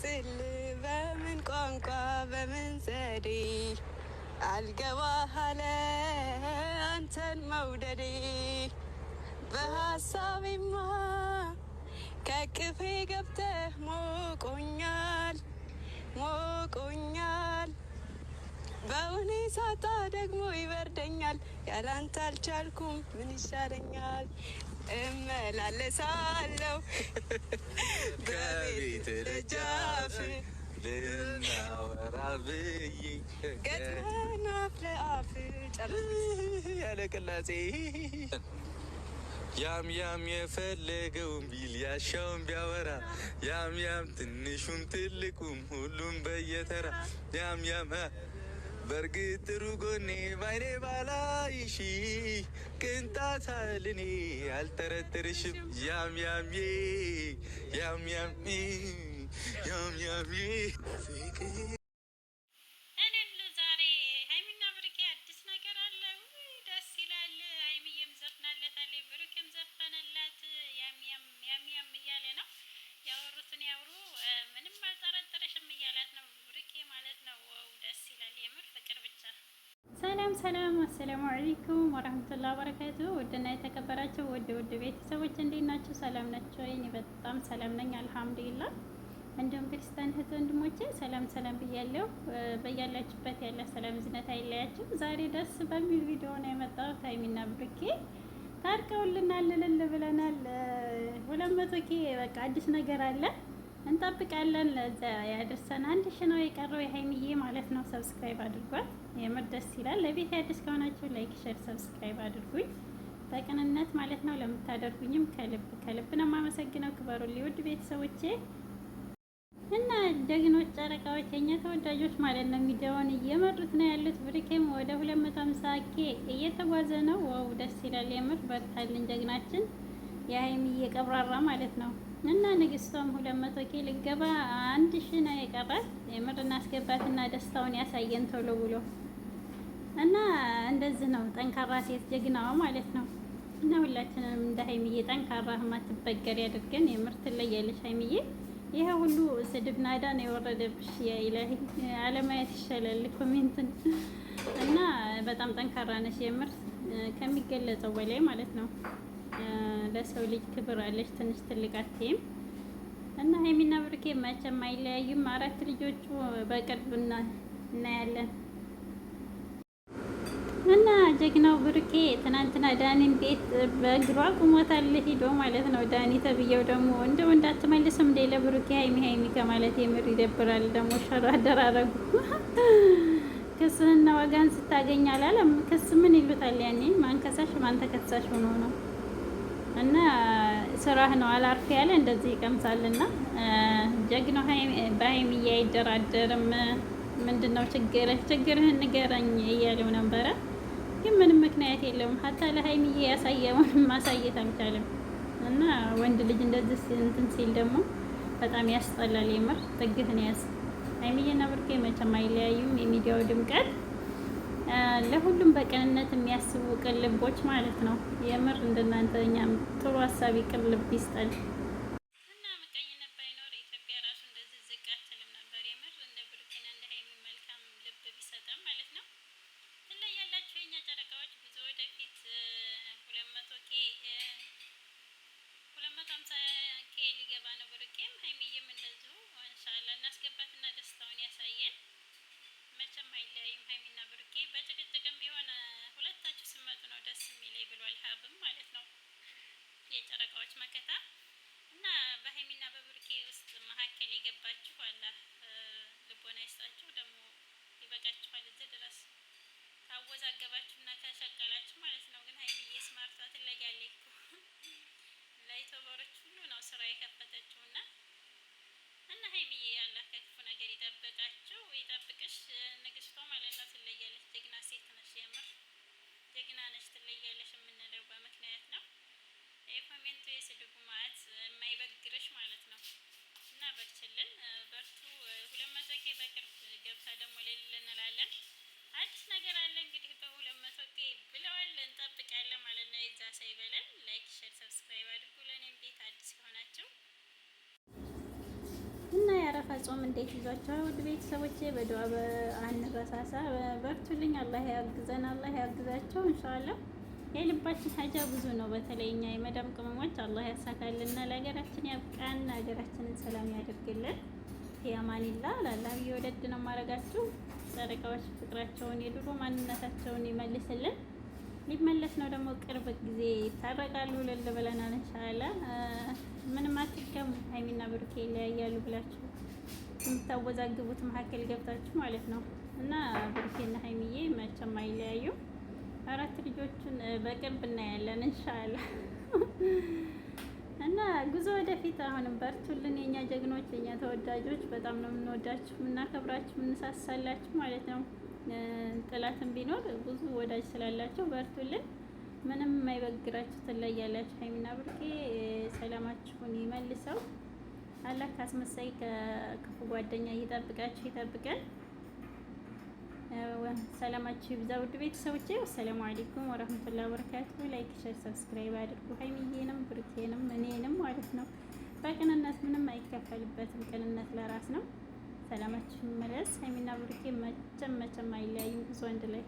ስል በምን ቋንቋ በምን ዘዴ አልገባህ አለ አንተን መውደዴ በሀሳቤማ ከቅፌ ገብተህ ሞቆኛል ሞቆኛል በውኔ ሳጣ ደግሞ ይበርደኛል ያላንተ አልቻልኩም ምን ይሻለኛል እመላለሳለሁ ከቤት ደጃፍ ልናወራ ብዬ ገጥመን አፍ ለአፍ ያለ ቅላጼ ያም ያም የፈለገውን ቢል ያሻውን ቢያወራ ያም ያም ትንሹም ትልቁም ሁሉም በየተራ ያም ያም በእርግጥሩጎኔ ባይኔ ባላይሺ ቅንጣት ልኔ አልጠረጥርሽም ያምያም ያምያም ያምያም አሰላሙ አለይኩም ወረህመቱላሂ ወበረካቱ። ውድና የተከበራቸው ውድ ውድ ቤተሰቦች እንዴት ናቸው ሰላም ናቸው? እኔ በጣም ሰላም ነኝ አልሐምዱሊላህ። እንዲሁም ክርስቲያን እህት ወንድሞቼ ሰላም ሰላም ብያለሁ። በያላችሁበት ያለ ሰላም ዝነት አይለያችሁ። ዛሬ ደስ በሚል ቪዲዮ ነው የመጣሁት። ሀይሚና ብሩኬ ታርቀውልናል፣ እልል ብለናል። ሁለት መቶ ኬ በቃ አዲስ ነገር አለ እንጠብቃለን። ለዛ ያደርሰን። አንድ ሺ ነው የቀረው የሀይሚዬ ማለት ነው። ሰብስክራይብ አድርጓት፣ የምር ደስ ይላል። ለቤት አዲስ ከሆናችሁ ላይክ፣ ሸር፣ ሰብስክራይብ አድርጉኝ በቅንነት ማለት ነው። ለምታደርጉኝም ከልብ ከልብ ነው የማመሰግነው። ክበሩ ሊወድ ቤተሰቦቼ እና ደግኖች ጨረቃዎች የኛ ተወዳጆች ማለት ነው። ሚዲያውን እየመሩት ነው ያሉት። ብሪኬም ወደ 250 ኬ እየተጓዘ ነው። ዋው ደስ ይላል የምር በርታልን ጀግናችን። የሀይሚዬ እየቀብራራ ማለት ነው። እና ንግስቷም ሁለት መቶ ኬ ልገባ አንድ ሺ ነው የቀራት። የምር እናስገባትና ደስታውን ያሳየን ቶሎ ብሎ እና እንደዚህ ነው ጠንካራ ሴት ጀግናዋ ማለት ነው። እና ሁላችንም እንደ ሀይሚዬ ጠንካራ ማትበገር ያድርገን። የምር ትለያለሽ ሀይሚዬ። ይሄ ሁሉ ስድብ ናዳ ነው የወረደብሽ። የኢላሂ አለማየት ይሻላል ኮሜንትን እና በጣም ጠንካራ ነሽ የምር ከሚገለጸው በላይ ማለት ነው። ለሰው ልጅ ክብር አለች፣ ትንሽ ትልቅ አትይም። እና ሀይሚና ብሩኬ መቼም አይለያዩም። አራት ልጆቹ በቅርብ እናያለን። እና ጀግናው ብሩኬ ትናንትና ዳኒን ቤት በእግሯ ቁሞታል ሂዶ ማለት ነው። ዳኒ ተብዬው ደግሞ እንደው እንዳትመልስም እንደ ብሩኬ ሀይሚ ሀይሚ ከማለት የምር ይደብራል። ደግሞ ሸሮ አደራረጉ ክስህና ዋጋን ስታገኛል አለም ክስ ምን ይሉታል ያኔ ማንከሳሽ ማንተከሳሽ ሆኖ ነው እና ስራህ ነው አላርፍ ያለ እንደዚህ ይቀምሳልና ጀግና በሀይሚዬ አይደራደርም። ምንድን ነው ችግርህ? ችግርህን ንገረኝ እያለው ነበረ። ግን ምንም ምክንያት የለውም። ሀታ ለሀይሚዬ ያሳየውን ማሳየት አልቻለም። እና ወንድ ልጅ እንደዚህ እንትን ሲል ደግሞ በጣም ያስጠላል። የምር ጥግህን ያዝ። ሀይሚዬና ብርኬ መቼም አይለያዩም። የሚዲያው ድምቀት ለሁሉም በቅንነት የሚያስቡ ቅልቦች ማለት ነው። የምር እንደናንተ እኛም ጥሩ ሀሳቢ ቅልብ ይስጠን። እና ምቀኝነት ባይኖር ኢትዮጵያ ራሱ እንደዚህ ዝቅ አትልም ነበር። የምር እንደ ብር በርካታ እና በሀይሚና በብርኬ ውስጥ መካከል የገባችሁ አላህ ልቦና ይስጣችሁ። ደግሞ ይበቃችኋል። እዚህ ድረስ ታወዛገባችሁና ጾም እንዴት ይዟቸዋል? ውድ ቤተሰቦቼ በዱዓ በአነሳሳ በርቱልኝ። አላህ ያግዘን፣ አላህ ያግዛቸው። እንሻአላህ የልባችን ሀጃ ብዙ ነው። በተለይ እኛ የመዳም ቅመሞች አላህ ያሳካልና ለሀገራችን ያብቃን፣ ሀገራችንን ሰላም ያደርግልን። ያማኒላ ላላ እየወደድ ነው ማድረጋችሁ ጨረቃዎች ፍቅራቸውን የድሮ ማንነታቸውን ይመልስልን። ሊመለስ ነው ደግሞ ቅርብ ጊዜ ይታረቃሉ ልል ብለናል። እንሻላ ምንም አትገሙ ሀይሚና ብሩኬ ይለያያሉ ብላችሁ የምታወዛግቡት መካከል ገብታችሁ ማለት ነው። እና ብሩኬና ሀይሚዬ መቼም አይለያዩም። አራት ልጆቹን በቅርብ እናያለን እንሻላ እና ጉዞ ወደፊት። አሁንም በርቱልን የእኛ ጀግኖች፣ የእኛ ተወዳጆች። በጣም ነው የምንወዳችሁ፣ የምናከብራችሁ፣ የምንሳሳላችሁ ማለት ነው። ጥላትም ቢኖር ብዙ ወዳጅ ስላላቸው በርቱልን። ምንም የማይበግራችሁ ትለያላችሁ። ሀይሚና ብሩኬ ሰላማችሁን ይመልሰው። አላህ ካስመሳይ ከክፉ ጓደኛ ይጠብቃችሁ ይጠብቀን። ሰላማችሁ ይብዛ ውድ ቤተሰቦቼ። ወሰላሙ አለይኩም ወረህመቱላሂ ወበረካቱ። ላይክ፣ ሸር፣ ሰብስክራይብ አድርጉ። ሀይሚዬንም ብሩኬንም እኔንም ማለት ነው። በቅንነት ምንም አይከፈልበትም። ቅንነት ለራስ ነው። ሰላማችሁ ይመለስ። ሀይሚና ብሩኬ መቼም መቼም አይለያዩም። ብዙ አንድ ላይ